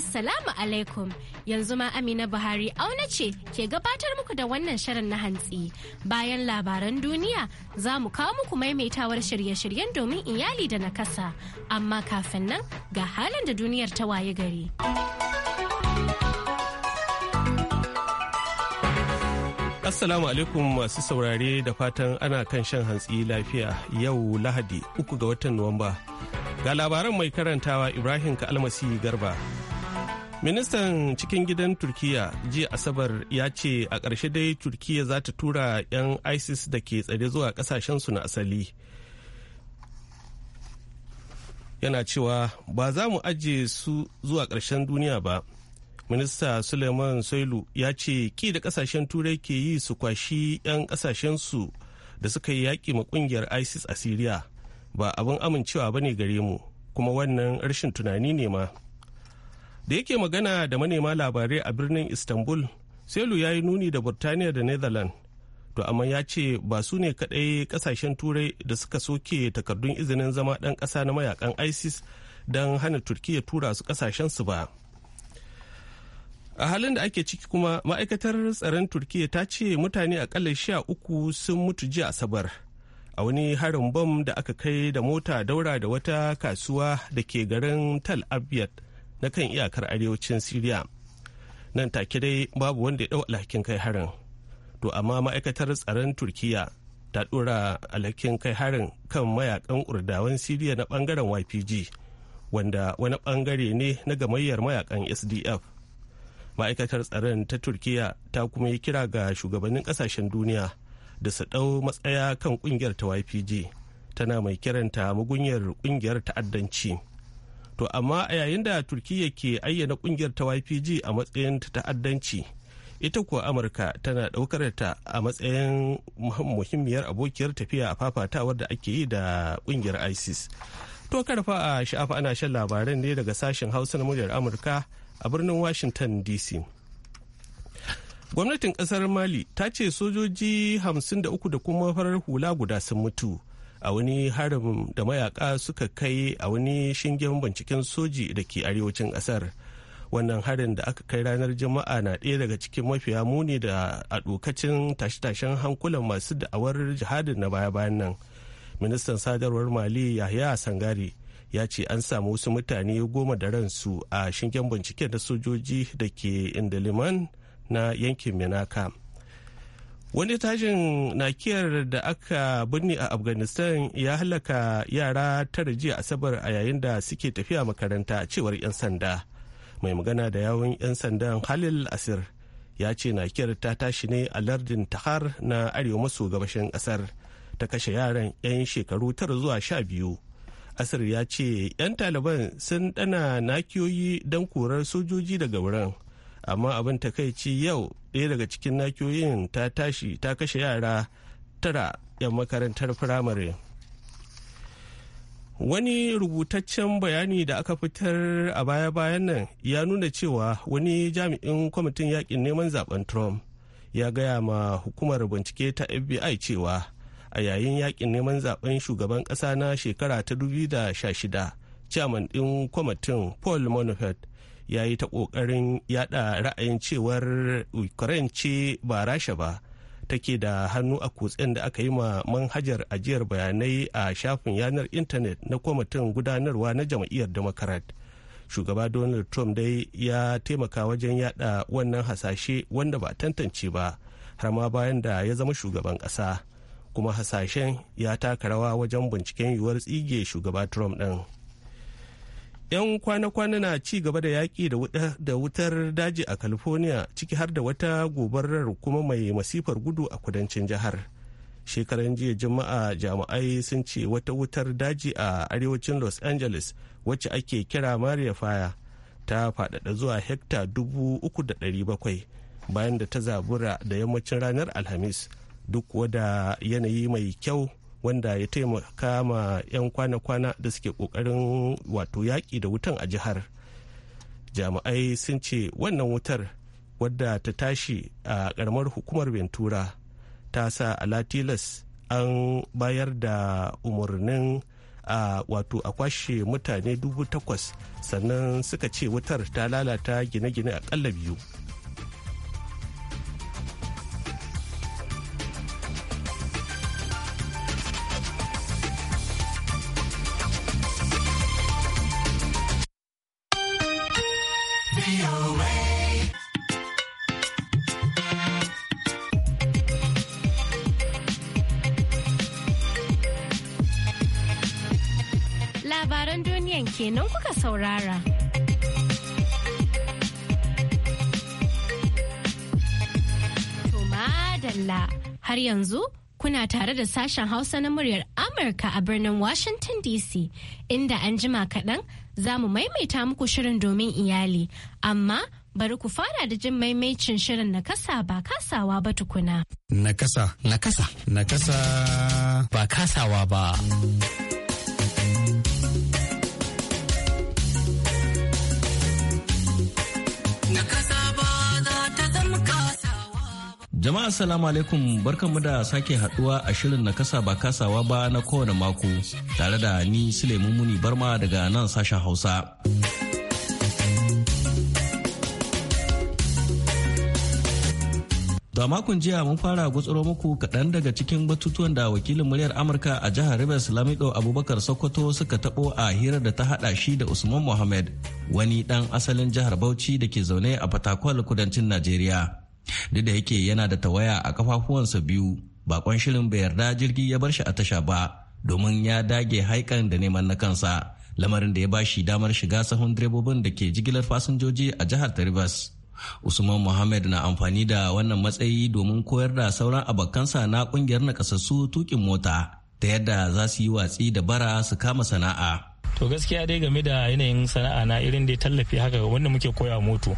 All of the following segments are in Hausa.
Assalamu alaikum yanzu ma Amina Buhari auna ce ke gabatar muku da wannan shirin na hantsi. Bayan labaran duniya za mu kawo muku maimaitawar shirye-shiryen domin iyali da nakasa. Amma kafin nan ga halin da duniyar ta waye gari. Assalamu alaikum masu saurare da fatan ana kan shan hantsi lafiya yau Lahadi uku ga watan Nuwamba. Ga labaran mai karantawa Ibrahim Kalmasi Garba. ministan cikin gidan turkiya jiya asabar ya ce a ƙarshe dai turkiya za ta tura 'yan isis da ke tsare zuwa ƙasashensu na asali yana cewa ba za mu ajiye su zuwa ƙarshen duniya ba minista suleiman soilu ya ce ki da ƙasashen turai ke yi su kwashi 'yan su da suka yi yaƙi ma ƙungiyar isis a siriya ba abin amincewa ba ne gare mu kuma wannan rashin tunani ne ma da yake magana da manema labarai a birnin istanbul selu ya yi nuni da burtaniya da netherlands to amma ya ce ba su ne kadai kasashen turai da suka soke takardun izinin zama ɗan ƙasa na mayakan isis don hana turkiya tura su ƙasashensu ba a halin da ake ciki kuma ma'aikatar tsaron turkiya ta ce mutane akalla sha uku sun mutu jiya asabar a wani harin bom da aka kai da mota daura da wata kasuwa da ke garin tal abyad na kan iyakar arewacin siriya nan take dai babu wanda ya ɗau alhakin kai harin to amma ma'aikatar tsaron turkiya ta ɗora alhakin kai harin kan mayakan kurdawan siriya na bangaren ypg wanda wani bangare ne na gamayyar mayakan sdf ma'aikatar tsaron ta turkiya ta kuma yi kira ga shugabannin kasashen duniya da su ɗau matsaya kan kungiyar ta ypg tana mai kiranta mugunyar kungiyar ta'addanci to amma a yayin da turkiyya ke ayyana kungiyar ta ypg a matsayin ta ta'addanci ita kuwa amurka tana daukar ta a matsayin muhimmiyar abokiyar tafiya a fafatawar da ake yi da kungiyar isis to karfa a sha'afa ana shan labaran ne daga sashen hausa na muryar amurka a birnin washington dc gwamnatin kasar mali ta ce sojoji 53 da kuma farar hula guda sun mutu a wani harin da mayaka suka kai a wani shingen binciken soji da ke arewacin ƙasar wannan harin da aka kai ranar juma'a na ɗaya daga cikin mafiya muni da a dokacin tashe-tashen hankulan masu da'awar jihadin na baya-bayan nan ministan sadarwar mali yahya sangare ya ce an samu wasu mutane goma da ransu a shingen binciken da sojoji da ke indaliman na yankin minaka wani tashin nakiyar da aka binne a afghanistan ya halaka yara tara jiya asabar a yayin da suke tafiya makaranta cewar 'yan sanda mai magana da yawon 'yan sandan halil asir ya ce nakiyar ta tashi ne a lardin tahar na arewa maso gabashin kasar ta kashe yaran 'yan shekaru tara zuwa sha biyu asir ya ce 'yan taliban sun dana nakiyoyi don korar sojoji daga wurin amma abin takaici yau ɗaya daga cikin nakiyoyin ta tashi ta kashe yara tara 'yan makarantar firamare wani rubutaccen bayani da aka fitar a baya-bayan nan ya nuna cewa wani jami'in kwamitin yakin neman zaben trump ya gaya ma hukumar bincike ta fbi cewa a yayin yakin neman zaben shugaban kasa na shekara ta 2016 chairman din kwamitin paul manafort ya yi ta kokarin yada ra'ayin cewar ukraine ce ba rasha ba take da hannu a kutsen da aka yi ma manhajar ajiyar bayanai a shafin yanar intanet na kwamitin gudanarwa na jam'iyyar democrat shugaba donald trump dai ya taimaka wajen yada wannan hasashe wanda ba tantance ba har ma bayan da ya zama shugaban kasa kuma hasashen ya taka rawa wajen binciken yiwuwar tsige shugaba trump din. 'yan kwana-kwana na ci gaba da yaƙi da wutar daji a california ciki har da wata gobarar kuma mai masifar gudu a kudancin jihar shekaran jiya juma'a jami'ai sun ce wata wutar daji a arewacin los angeles wacce ake kira maria faya ta faɗaɗa zuwa hekta dubu bayan da ta zabura da yammacin ranar alhamis duk wada yanayi mai kyau wanda ya taimaka ma 'yan kwana-kwana da suke kokarin wato yaƙi da wutan a jihar jami'ai sun ce wannan wutar wadda ta tashi a ƙaramar hukumar ventura ta sa alatilas an bayar da umarnin a wato a kwashe mutane dubu takwas sannan suka ce wutar ta lalata gine-gine akalla biyu yanzu kuna tare da sashen Hausa na muryar Amurka a birnin Washington DC inda an jima kaɗan za mu maimaita muku shirin domin iyali, amma bari ku fara da jin maimaicin shirin nakasa ba kasawa ba tukuna. Nakasa. Nakasa. Nakasa. Ba kasawa ba. Jama'a salamu alaikum barkanmu da sake haduwa a shirin na kasa ba kasawa ba na kowane mako tare da ni Sule muni Barma daga nan sashen Hausa. Da makon jiya mun fara gutsuro muku kaɗan daga cikin batutuwan da wakilin muryar Amurka a jihar Rivers Lamido Abubakar Sokoto suka taɓo a hirar da ta haɗa shi da Usman Mohammed wani ɗan asalin jihar Bauchi da ke zaune a Fatakwal kudancin Najeriya. duk da yake yana da tawaya a kafafuwansa biyu bakon shirin bai yarda jirgi ya bar shi a tasha ba domin ya dage haikan da neman na kansa lamarin da ya bashi damar shiga sahun direbobin da ke jigilar fasinjoji a jihar ta rivers usman muhammad na amfani da wannan matsayi domin koyar da sauran abokansa na kungiyar nakasassu tukin mota ta yadda za su yi watsi da bara su kama sana'a to gaskiya dai game da yanayin sana'a na irin da tallafi haka wanda muke koya moto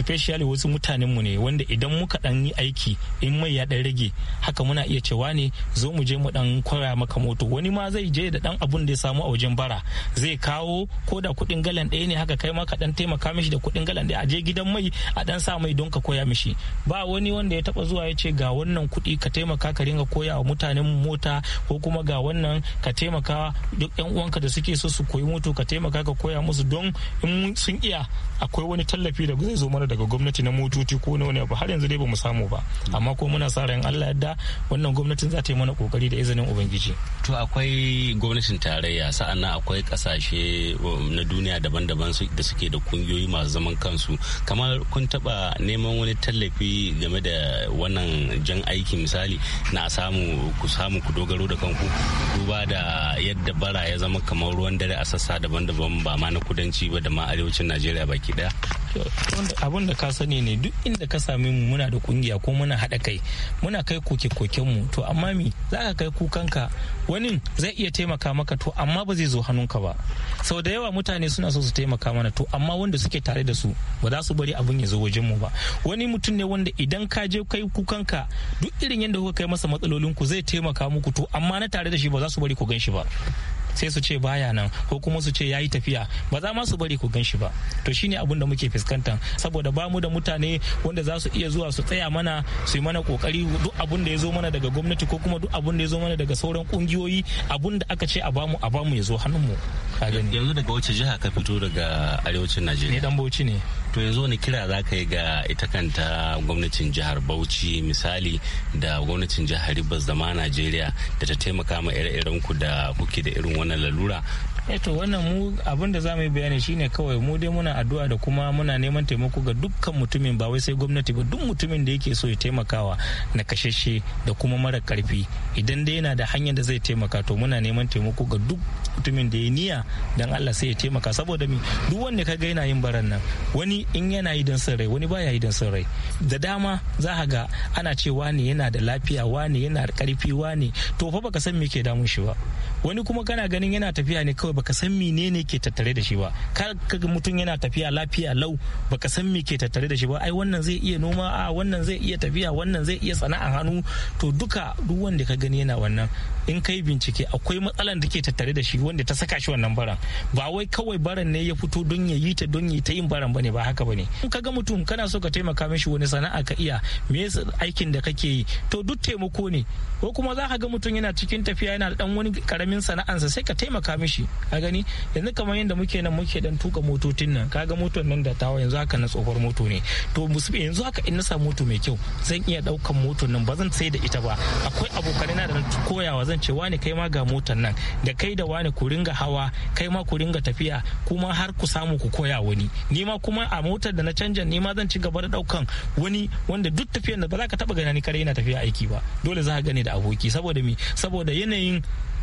especially wasu mutanen mu ne wanda idan muka dan yi aiki in mai ya dan rage haka muna iya cewa ne zo mu je mu dan kwara maka moto wani ma zai je da dan abun da ya samu a wajen bara zai kawo ko da kuɗin galan ɗaya ne haka kai ma ka dan taimaka mishi da kuɗin galan ɗaya a je gidan mai a dan sa mai don ka koya mishi ba wani wanda ya taba zuwa ya ce ga wannan kuɗi ka taimaka ka ringa koya wa mutanen mota ko kuma ga wannan ka taimaka duk yan uwanka da suke so su koyi moto ka taimaka ka koya musu don in sun iya akwai wani tallafi da zai zo mana daga gwamnati na motoci ko na wani abu har yanzu dai bamu samu ba amma ko muna sa ran Allah yadda wannan gwamnatin za ta yi mana kokari da izinin ubangiji to akwai gwamnatin tarayya sa'annan akwai kasashe um, na duniya daban-daban da suke da kungiyoyi masu zaman kansu kamar kun taba neman wani tallafi game da wannan jan aiki misali na samu ku samu ku dogaro da kanku duba da yadda bara ya zama kamar ruwan dare a sassa daban-daban ba ma na kudanci ba da ma arewacin Najeriya baki baki daya abin da ka sani ne duk inda ka sami mu muna da kungiya ko muna haɗa kai muna kai koke koken mu to amma mi za ka kai kukanka wani zai iya taimaka maka to amma ba zai zo ka ba sau da yawa mutane suna so su taimaka mana to amma wanda suke tare da su ba za su bari abin ya zo wajen mu ba wani mutum ne wanda idan ka je kai kukanka duk irin yadda kuka kai masa matsalolin ku zai taimaka muku to amma na tare da shi ba za su bari ku gan shi ba sai su ce baya nan ko kuma su ce yayi tafiya ba za ma su bari ku gan shi ba to shine abun da muke fuskanta saboda ba mu da mutane wanda za su iya zuwa su tsaya mana su yi mana kokari duk abin da ya zo mana daga gwamnati ko kuma duk abin da ya zo mana daga sauran kungiyoyi abin da aka ce a bamu a bamu ya zo hannun mu yanzu daga wace jiha ka fito daga arewacin najeriya ne dan bauchi ne to yanzu wani kira za ka yi ga ita kanta gwamnatin jihar bauchi misali da gwamnatin jihar ribas da ma najeriya da ta taimaka ma ire-iren ku da kuke da irin wannan lalura eh to wannan mu abin da za mu yi bayani shine kawai mu dai muna addu'a da kuma muna neman taimako ga dukkan mutumin ba wai sai gwamnati ba duk mutumin da yake so ya taimakawa na kashashe da kuma mara karfi idan dai yana da hanyar da zai taimaka to muna neman taimako ga duk mutumin da ya niya dan Allah sai ya taimaka saboda mi duk wanda ka ga yana yin baran nan wani in yana yi don sarai rai wani baya yi don sarai rai da dama za ka ga ana ce wane yana da lafiya wane yana da karfi wane to fa baka san me ke damun shi ba wani kuma kana ganin yana tafiya ne kawai baka san ne ke tattare da shi ba ka mutum yana tafiya lafiya lau baka san me ke tattare da shi ba ai wannan zai iya noma a wannan zai iya tafiya wannan zai iya sana'a hannu to duka duk wanda ka gani yana wannan in kai bincike akwai matsalar da ke tattare da shi wanda ta saka shi wannan baran ba wai kawai baran ne ya fito don ya yi ta don ya ta yin baran bane ba haka bane in ka ga mutum kana so ka taimaka mishi wani sana'a ka iya me aikin da kake yi to duk taimako ne ko kuma za ka ga mutum yana cikin tafiya yana dan wani karamin karamin sana'ansa sai ka taimaka mishi a gani yanzu kamar yadda muke nan muke dan tuka motocin nan kaga motar nan da tawa yanzu haka na tsohuwar moto ne to yanzu haka in na samu moto mai kyau zan iya daukan motar nan ba zan sai da ita ba akwai abokanai na da koyawa zan ce wani kai ma ga motar nan da kai da wani ku ringa hawa kai ma ku ringa tafiya kuma har ku samu ku koya wani ni ma kuma a motar da na canja ni ma zan ci gaba da daukan wani wanda duk tafiyar da ba za ka taba gani kare yana tafiya aiki ba dole za ka gani da aboki saboda mi saboda yanayin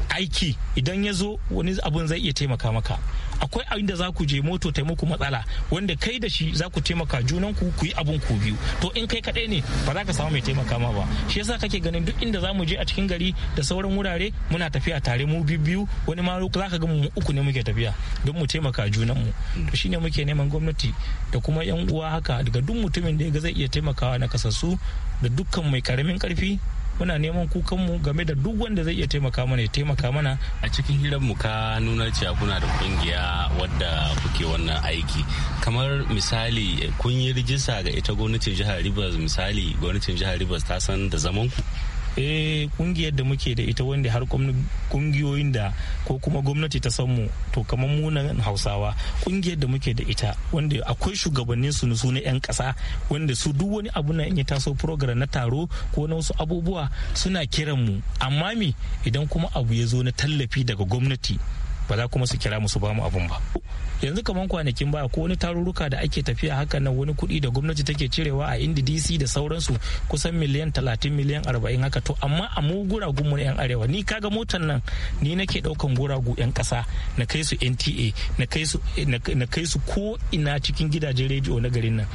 aiki idan ya zo wani abun zai iya taimaka maka akwai abin da za ku je moto taimako matsala wanda kai da shi za ku taimaka junan ku ku yi abun ku biyu to in kai kadai ne ba za ka samu mai taimaka ma ba shi yasa kake ganin duk inda za mu je a cikin gari da sauran wurare muna tafiya tare mu biyu wani ma za ka ga mu uku ne muke tafiya don mu taimaka junan mu to shine muke neman gwamnati da kuma yan uwa haka daga duk mutumin da ya ga zai iya taimakawa na kasassu da dukkan mai karamin karfi muna neman kukanmu game da duk wanda zai iya taimaka mana ya taimaka mana a cikin hirar mu ka nuna cewa kuna da kungiya wadda kuke wannan aiki kamar misali kun yi rijista ga ita gwamnatin jihar Rivers misali gwamnatin jihar Rivers ta san da zaman ku eh kungiyar da muke da ita wanda har kungiyoyin da ko kuma gwamnati ta san mu to kamar munan hausawa kungiyar da muke da ita wanda akwai shugabannin su su na yan ƙasa wanda su duk wani abu na in ya taso program na taro ko na wasu abubuwa suna kiran mu amma me idan kuma abu ya zo na tallafi daga gwamnati ba za kuma su kira mu su ba mu abun ba yanzu kaman kwanakin baya ko wani tarurruka da ake tafiya hakan nan wani kuɗi da gwamnati take cirewa a indi dc da sauransu kusan miliyan talatin miliyan arba'in haka to amma a mu guragu mu yan arewa ni kaga motan nan ni nake daukan guragu yan ƙasa na kai su nta na kai su ko ina cikin gidajen rediyo na garin nan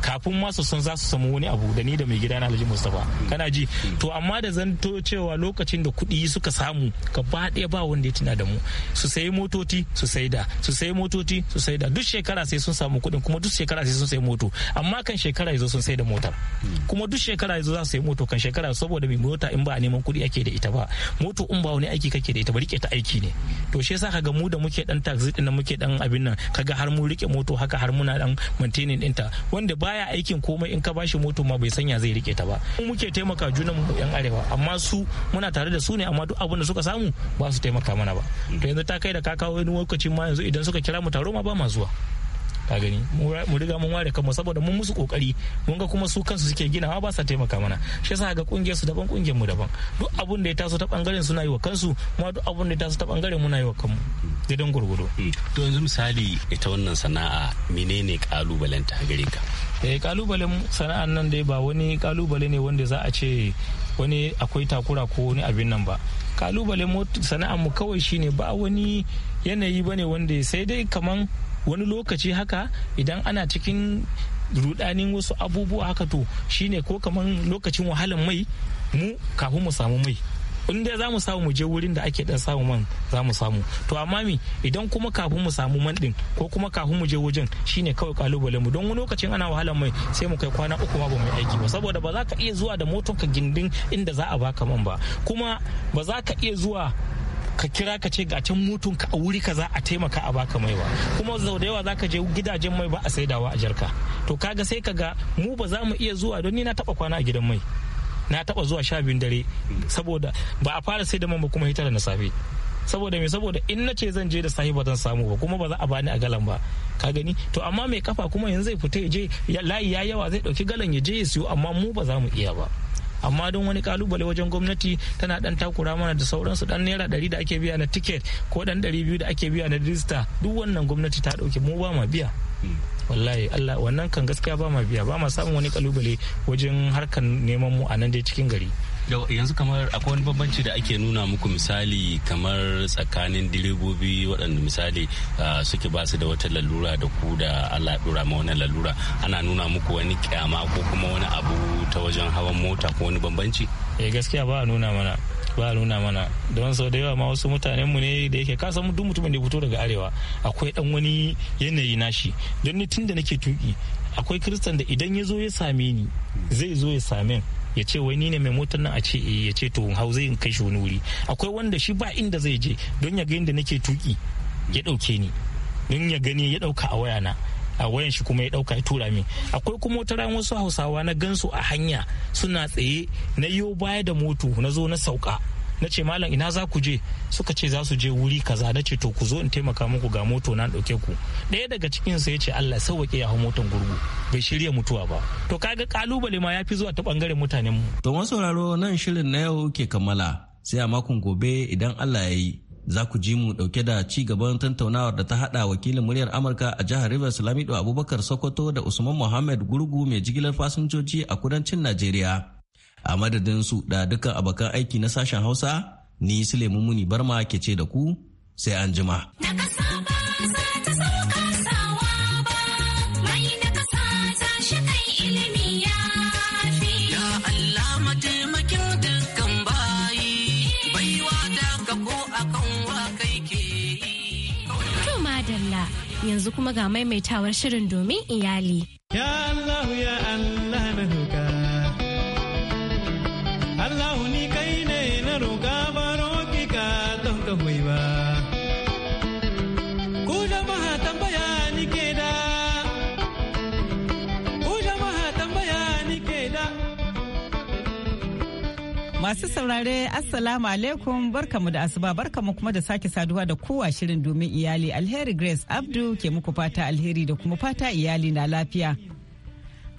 kafin masu son za su samu wani abu da ni da mai gida na Alhaji Mustapha kana ji hmm. to amma da zanto cewa lokacin da kuɗi suka samu gaba ɗaya ba wanda ya tuna da mu su sayi motoci su saida su sayi motoci su saida duk shekara sai sun samu kuɗin kuma duk shekara sai sun sayi moto amma kan shekara yazo sun sayi da motar hmm. kuma duk shekara yazo za su sayi moto kan shekara saboda mai mota in ba a neman kuɗi ake da ita ba moto in ba wani aiki kake da ita ba rike ta aiki ne to shi yasa kaga mu da muke dan taxi din muke dan abin nan kaga har mu rike moto haka har muna dan maintaining ɗinta wanda ba baya aikin komai in ka bashi moto ma bai sanya zai rike ta ba mu muke taimaka junan mu yan arewa amma su muna tare da su ne amma duk abin da suka samu ba su taimaka mana ba to yanzu ta kai da ka kawo wani lokacin ma yanzu idan suka kira mu taro ma ba ma zuwa ka gani mu riga mun ware kanmu saboda mun musu kokari mun ga kuma su kansu suke ginawa ba sa taimaka mana shi yasa ga kungiyar su daban kungiyar mu daban duk abun da ya taso ta bangaren suna yi wa kansu ma duk abun da ya taso ta bangaren muna yi wa kanmu gidan gurgudo hmm. to yanzu misali ita wannan sana'a menene kalubalen ta gare ka eh kalubalen sana'an nan dai ba wani kalubale ne wanda za a ce wani akwai takura ko wani abin nan ba kalubale sana'ar mu kawai shine ba wani yanayi bane wanda sai dai kaman wani lokaci haka idan ana cikin rudanin wasu abubuwa haka to shine ko kaman lokacin wahalan mai mu kafin mu samu mai in dai za mu samu mu je wurin da ake dan samu man za mu samu to amma mi idan kuma kafin mu samu man din ko kuma kafin mu je wajen shine kawai kalubalen mu don wani lokacin ana wahalar mai sai mu kai kwana uku ma ba mu aiki ba saboda ba za ka iya zuwa da motar ka gindin inda za a baka man ba kuma ba za ka iya zuwa ka kira ka ce ga can ka a wuri ka za a taimaka a baka mai ba kuma zau da yawa zaka je gidajen mai ba a saidawa a jarka to kaga sai ka ga mu ba za mu iya zuwa don ni na taba kwana a gidan mai na taba zuwa sha biyun dare saboda ba a fara sai da man ba kuma hitar na safe saboda me saboda in na ce zan je da sahi ba zan samu ba kuma ba za a bani a galan ba ka gani to amma mai kafa kuma yanzu zai fita ya je layi ya yawa zai dauki galan ya je ya siyo amma mu ba za mu iya ba amma don wani kalubale wajen gwamnati tana dan takura mana da sauransu dan naira ɗari da ake biya na tiket ko dan ɗari biyu da ake biya na rijista duk wannan gwamnati ta ɗauke mu ba ma biya wallahi Allah wannan kan gaskiya ba ma biya ba ma samun wani kalubale wajen harkar neman mu a nan dai cikin gari yanzu kamar akwai wani bambanci da ake nuna muku misali kamar tsakanin direbobi waɗanda misali suke ba su da wata lalura da ku da allah dura ma wani lalura ana nuna muku wani kyama ko kuma wani abu ta wajen hawan mota ko wani bambanci eh gaskiya ba a nuna mana ba a nuna mana don sau da yawa ma wasu mutanenmu ne da yake ka samu duk mutumin da ya fito daga arewa akwai dan wani yanayi nashi don ni tun da nake tuki akwai kristan da idan ya zo ya same ni zai zo ya same ya ce wai ni ne mai motar nan a ce eh ya ce to hau zai kai shi wani wuri akwai wanda shi ba inda zai je don ya ga yadda nake tuki ya dauke ni don ya gani ya dauka a wayana a wayan shi kuma ya dauka ya tura min akwai kuma wata ran wasu hausawa na gansu a hanya suna tsaye na yo baya da moto na zo na sauka na ce malam ina za ku je suka ce za su je wuri kaza na ce to ku zo in taimaka muku ga moto na dauke ku ɗaya daga cikin su ya ce Allah sauwake ya hau motan gurgu bai shirya mutuwa ba to kaga kalubale ma ya fi zuwa ta bangaren mutanen mu to sauraro nan shirin na yau ke kammala sai a makon gobe idan Allah ya yi za ku ji mu dauke da ci gaban tantaunawar da ta hada wakilin muryar amurka a jihar rivers lamido abubakar sokoto da usman muhammad gurgu mai jigilar fasinjoji a kudancin najeriya a madadin su da dukkan abokan aiki na sashen hausa ni sule muni barma ke ce da ku sai an jima. yanzu kuma ga maimaitawar shirin domin iyali. Ya Masu saurare Assalamu alaikum barkamu da asuba barkamu kuma da sake saduwa da kowa shirin domin iyali alheri Grace Abdu ke muku fata alheri da kuma fata iyali na lafiya.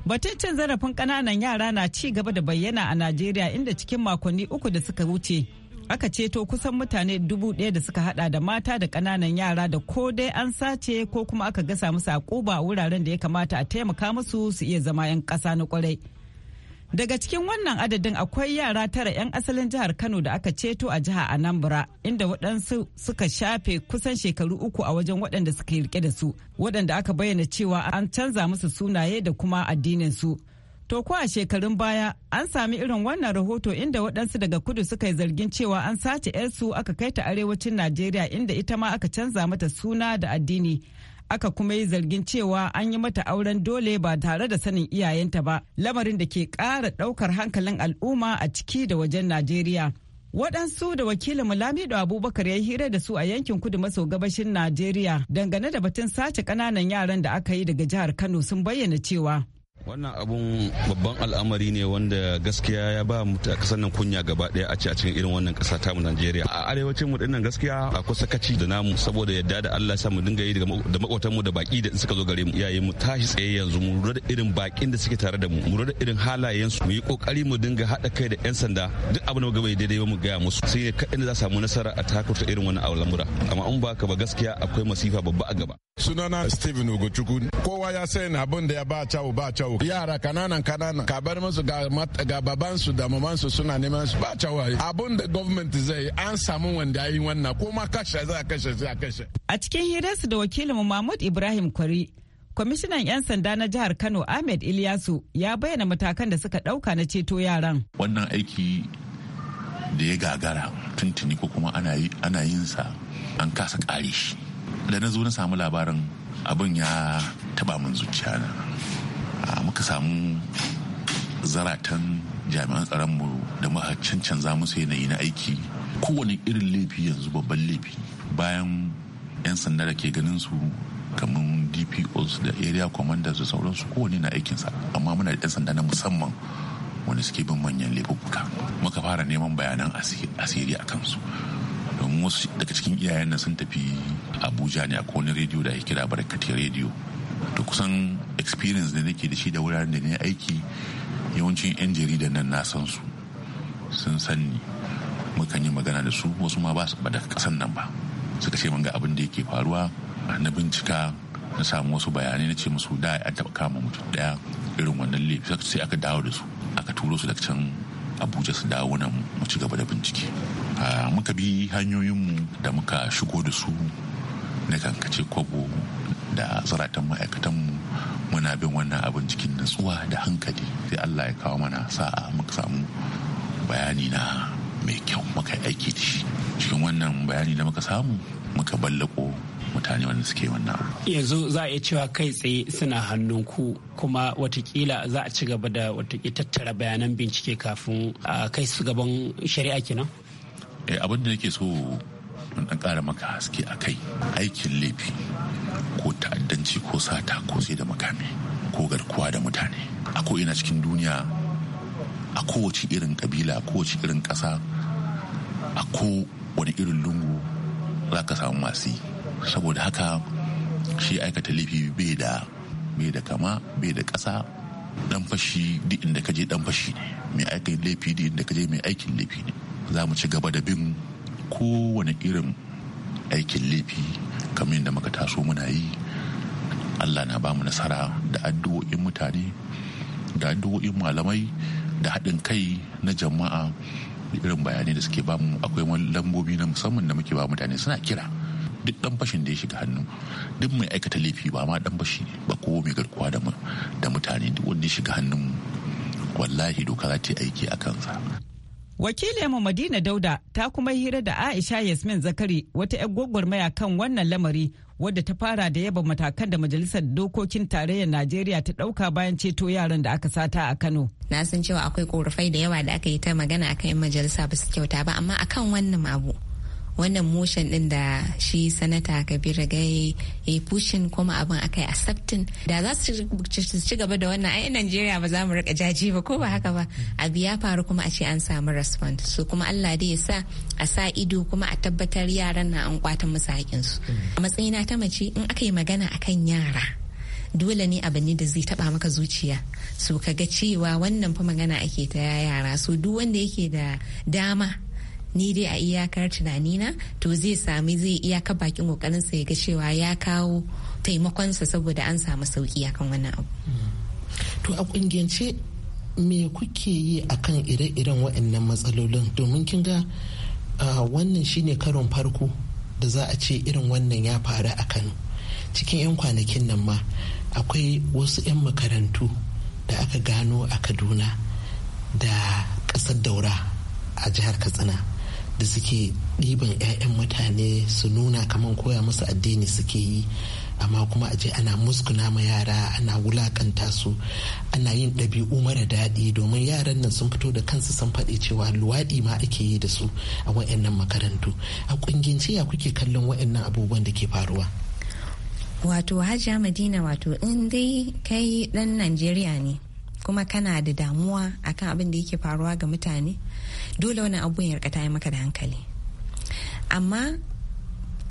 Batun cin zarafin kananan yara na ci gaba da bayyana a Najeriya inda cikin makonni uku da suka wuce aka ceto kusan mutane dubu ɗaya da suka hada da mata da kananan yara da ko dai an sace ko kuma aka gasa musu a wuraren da ya kamata a taimaka musu su iya zama 'yan ƙasa na kwarai. Daga cikin wannan adadin akwai yara tara 'yan asalin jihar Kano da aka ceto a jiha Anambra inda waɗansu suka shafe kusan shekaru uku a wajen waɗanda suka rike da su waɗanda aka bayyana cewa an canza musu sunaye da kuma addinin su. To ko a shekarun baya an sami irin wannan rahoto inda waɗansu daga kudu suka yi zargin cewa an sace 'yarsu aka kai ta arewacin Najeriya inda ita ma aka canza mata suna da addini. aka kuma yi zargin cewa an yi mata auren dole ba tare da sanin iyayenta ba lamarin da ke kara daukar hankalin al'umma a ciki da wajen najeriya waɗansu da wakilin mulamido abubakar ya hira da su a yankin kudu maso gabashin najeriya dangane da batun sace ƙananan yaran da aka yi daga jihar kano sun bayyana cewa wannan abun babban al'amari ne wanda gaskiya ya ba mu kasar nan kunya gaba daya a cikin irin wannan kasa ta mu Najeriya a arewacin mu dinnan gaskiya akwai sakaci da namu saboda yadda da Allah sa mu dinga yi da makwatan mu da baki da suka zo gare mu iyaye mu tashi tsaye yanzu mu lura da irin bakin da suke tare da mu mu lura da irin halayen su mu yi kokari mu dinga hada kai da yan sanda duk abin da mu gaba daidai mu gaya musu sai ne kaɗan za samu nasara a takurta irin wannan al'amura amma in baka ka ba gaskiya akwai masifa babba a gaba sunana Steven Ogochukwu kowa ya sayin abin da ya ba cawo ba cawo yawo yara kananan kananan ka bar musu ga babansu da mamansu suna neman su ba cawaye abun da gwamnati zai an samu wanda yi wannan ko kashe za a kashe za a kashe a cikin hirarsu da wakilin mahmud ibrahim kwari kwamishinan 'yan sanda na jihar kano ahmed ilyasu ya bayyana matakan da suka dauka na ceto yaran wannan aiki da ya gagara tuntuni ko kuma ana yin sa an kasa kare shi da na zo na samu labarin abin ya taba min zuciya na muka samu zaratan jami'an tsaronmu da muka cancanza musu yanayi na aiki kowane irin laifi yanzu babban laifi bayan 'yan sanda da ke ganin su kamar dpos da area commanders da sauransu kowane na aikinsa amma muna da 'yan sanda na musamman wani suke bin manyan laifuka muka fara neman bayanan asiri a kansu domin wasu daga cikin iyayen nan sun tafi abuja ne a kowane rediyo da ya kira barkatiyar rediyo to kusan experience da nake da shi da wuraren da ne aiki yawancin 'yan jarida nan na san su sun ni mukan yi magana da su wasu ma ba da kasan nan ba suka ce mun ga abin da yake faruwa na bincika na samu wasu bayanai na ce musu da a taɓa kama mutum ɗaya irin wannan laifi sai aka dawo da su aka turo su daga can abuja su dawo nan mu ci gaba da bincike muka bi hanyoyinmu da muka shigo da su na kankace kwabo da zaratan ma'aikatanmu muna bin wannan abin cikin natsuwa da hankali sai allah ya kawo mana sa'a muka samu bayani na mai kyau muka aiki da shi cikin wannan bayani da muka samu muka ballako mutane wanda suke wannan yanzu za a iya cewa kai tsaye suna hannun ku kuma watakila za a ci gaba da watakila tattara bayanan bincike kafin a kai su gaban shari'a kenan eh, abin da nake so in dan ƙara maka haske a kai aikin laifi ko ta'addanci ko sata ko sai da makami ko garkuwa da mutane a ina cikin duniya a kowace irin kabila a kowace irin ƙasa a ko irin lungu za ka samu masu yi. saboda haka shi aikata laifi bai da bai da kama bai da ƙasa dan fashi duk inda ka je dan fashi ne mai aikin laifi duk inda ka je mai aikin laifi ne za mu ci gaba da bin kowane irin aikin laifi kamar yadda muka taso muna yi allah na ba mu nasara da addu'o'in mutane da addu'o'in malamai da haɗin kai na jama'a irin bayanai da suke bamu akwai lambobi na musamman da muke ba mutane suna kira duk dan fashin da ya shiga hannu duk mai aikata laifi ba ma dan fashi ba ko mai garkuwa da mutane duk wanda ya shiga hannun wallahi doka za ta aiki a kansa wakili Wakilinmu Madina Dauda ta kuma hira da Aisha Yasmin Zakari wata 'yar gwagwarmaya kan wannan lamari wadda ta fara da yaba matakan da Majalisar Dokokin Tarayyar Najeriya ta ɗauka bayan ceto yaran da aka sata a Kano. Na san cewa akwai korafai da yawa da aka yi ta magana akan 'yan majalisa ba su kyauta ba amma akan wannan abu wannan motion din da shi sanata kabir gai ya pushin kuma abin akai a accepting da za su ci gaba da wannan ai najeriya ba za mu rika jaji ba ko ba haka ba abu ya faru kuma a ce an samu response so kuma allah dai ya sa a sa ido kuma a tabbatar yaran na an kwata musu su a matsayina ta mace in aka yi magana akan yara dole ne abu ne da zai taba maka zuciya so ka ga cewa wannan fa magana ake ta yara so duk wanda yake da dama ni dai a iyakar tunanina to zai sami zai iyaka bakin kokarin sa ya ga cewa ya kawo taimakonsa saboda an samu sauki akan wannan abu to a kungiyance me kuke yi akan ire-iren waɗannan matsalolin domin kin ga wannan shine karon farko da za a ce irin wannan ya faru a kano cikin 'yan kwanakin nan ma akwai wasu 'yan makarantu da aka gano a kaduna da ƙasar daura a jihar katsina da suke ɗiban 'ya'yan mutane su nuna kamar koya musu addini suke yi amma kuma a je ana muskuna ma yara ana wulakanta su ana yin ɗabi'u mara daɗi domin yaran nan sun fito da kansu sun faɗi cewa luwaɗi ma ake yi da su a wayannan makarantu a ƙungiyance ya kuke kallon wa'annan abubuwan da ke faruwa wato hajiya madina wato in dai kai ɗan najeriya ne kuma kana da damuwa akan abin da yake faruwa ga mutane dole wani abu ya rikata maka da hankali amma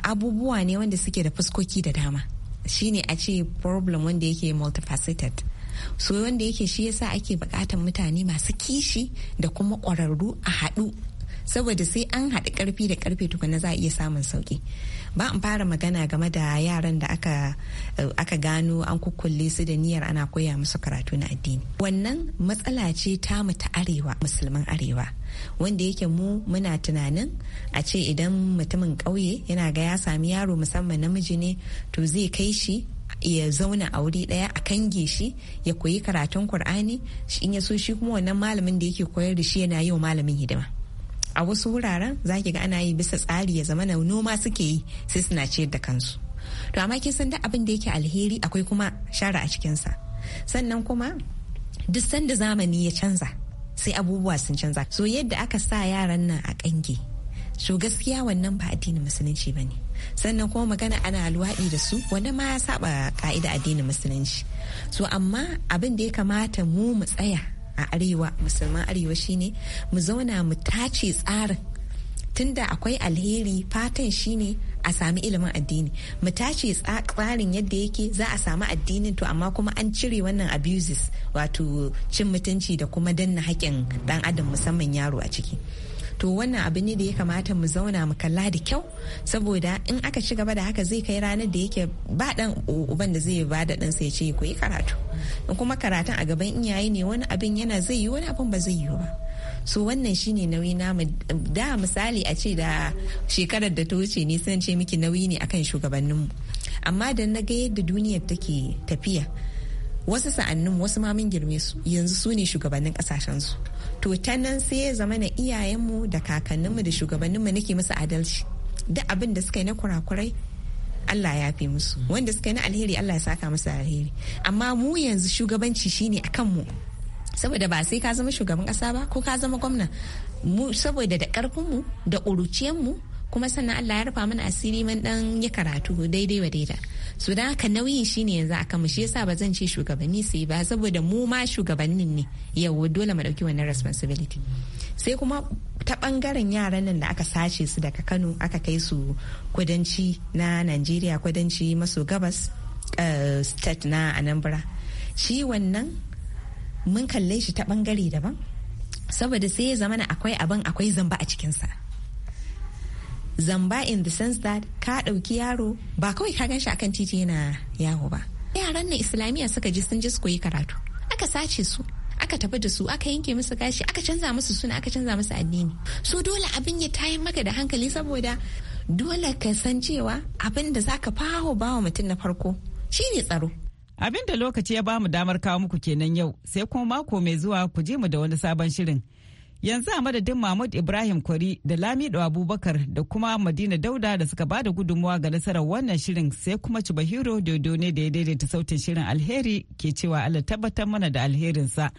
abubuwa ne wanda suke da fuskoki da dama shine a ce problem wanda yake multifaceted so wanda yake shi yasa ake bukatan mutane masu kishi da kuma ƙwararru a haɗu saboda sai an haɗu ƙarfi da ƙarfe tukuna za a iya samun sauƙi ba in fara magana game da yaran da aka eh, aka gano an kukkulle su da niyyar ana koya musu karatu na addini wannan matsala ce ta mata arewa musulman arewa wanda yake mu muna tunanin a ce idan mutumin ƙauye yana ga ya sami yaro musamman namiji ne to zai kai shi ya zauna a wuri daya a kange shi ya koyi karatun kur'ani in ya so shi kuma wannan malamin da yake koyar da shi yana yi wa malamin hidima a wasu wuraren za ki ga ana yi bisa tsari ya zama noma suke yi sai suna ciyar da kansu to amma kin san duk abin da yake alheri akwai kuma share a cikinsa sannan kuma duk sanda zamani ya canza sai abubuwa sun canza so yadda aka sa yaran nan a kange so gaskiya wannan ba addinin musulunci ba ne sannan kuma magana ana luwaɗi da su wanda ma ya saba ka'ida addinin musulunci so amma abin da ya kamata mu mu tsaya a arewa musulman arewa shine mu zauna mu tace tsarin tunda akwai alheri fatan shine a sami ilimin addini mu tace tsarin yadda yake za a samu addinin to amma kuma an cire wannan abuses wato cin mutunci da kuma danna haƙƙin dan adam musamman yaro a ciki to wannan abin ne da ya kamata mu zauna mu kalla da kyau saboda in aka ci gaba da haka zai kai ranar da yake ba dan uban da zai ba da dan sai ce ku yi karatu in kuma karatun a gaban iyaye ne wani abin yana zai yi wani abin ba zai yi ba so wannan shine nauyi namu da misali a ce da shekarar da ta wuce ne sun ce miki nauyi ne akan shugabanninmu amma da na ga yadda duniyar take tafiya wasu sa'annin wasu ma mun girme su yanzu su ne shugabannin kasashen su to ta nan sai ya zama na iyayenmu da kakanninmu da shugabanninmu nake musu adalci duk abin da suka yi na kurakurai Allah ya fi musu wanda suka yi na alheri Allah ya saka musu alheri amma mu yanzu shugabanci shine akan mu saboda ba sai ka zama shugaban kasa ba ko ka zama gwamna mu saboda da karfin mu da ƙuruciyar mu kuma sannan Allah ya rufa mana asiri man dan ya karatu daidai wa daida su da haka nauyin shine yanzu a kanmu shi yasa ba zan ce shugabanni su yi ba saboda mu ma shugabannin ne yau dole mu dauki wannan responsibility sai kuma ta bangaren yaran nan da aka sace su daga Kano aka kai su kudanci na Najeriya kudanci maso gabas eh, state na Anambra shi wannan mun kalle shi ta bangare daban saboda sai ya zamana akwai abin akwai zamba a cikinsa zamba in the sense that ka ɗauki yaro ba kawai ka gan shi akan titi yana yawo ba yaran na islamiyya suka ji sun ji su koyi karatu aka sace su aka tafi da su aka yanke musu gashi aka canza musu suna aka canza musu addini so dole abin ya tayi maka da hankali saboda dole ka san cewa abin da zaka faho bawa mutum na farko shine tsaro abin da lokaci ya bamu damar kawo muku kenan yau sai kuma mako mai zuwa ku je mu da wani sabon shirin Yanzu a madadin Mahmud Ibrahim Kwari da Lamido Abubakar da kuma Madina Dauda da suka bada gudunmuwa ga nasarar wannan shirin sai kuma Cibahiro Dodo ne da ya daidaita sautin shirin alheri ke cewa Allah tabbatar mana da alherinsa.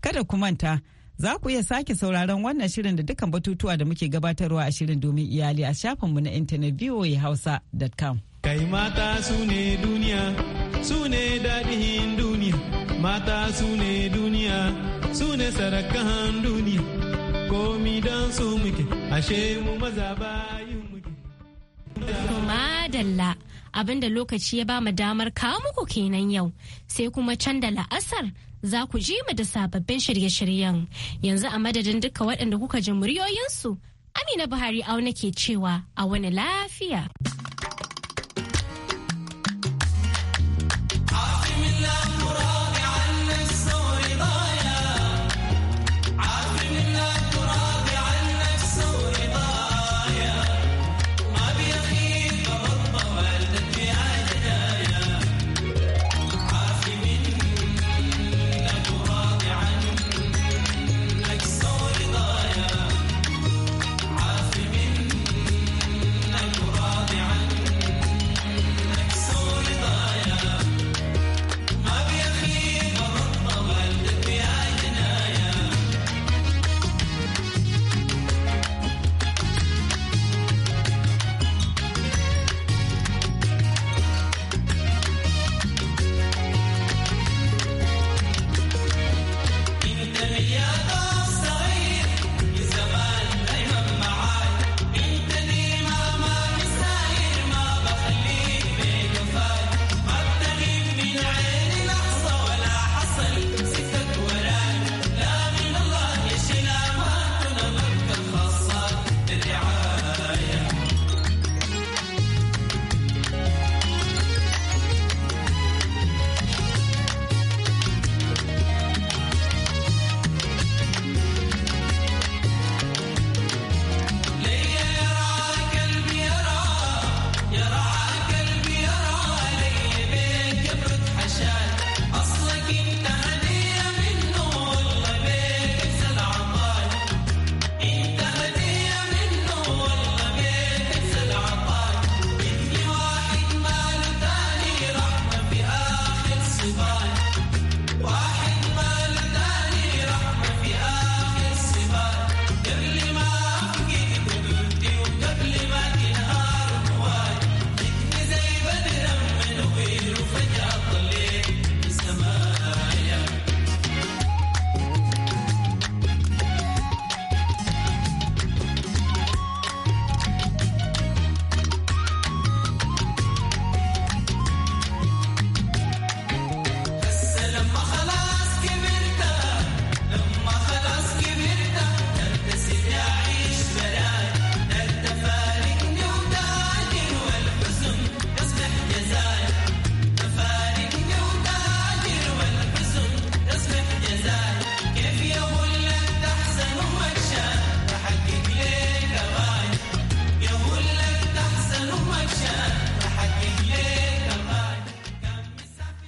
Kada ku manta, za ku iya sake sauraron wannan shirin da dukkan batutuwa da muke gabatarwa a shirin domin iyali a shafinmu na intanet voahausa.com. Kai mata su ne duniya, su ne daɗin duniya, mata su ne duniya. su ne sarakan duniya komi don su muke ashe mu maza bayin muke. Madalla abinda lokaci ya ba mu damar kawo muku kenan yau sai kuma can da la'asar za ku ji mu da sababbin shirye-shiryen yanzu a madadin duka waɗanda kuka ji muryoyinsu Amina Buhari au nake cewa a wani lafiya.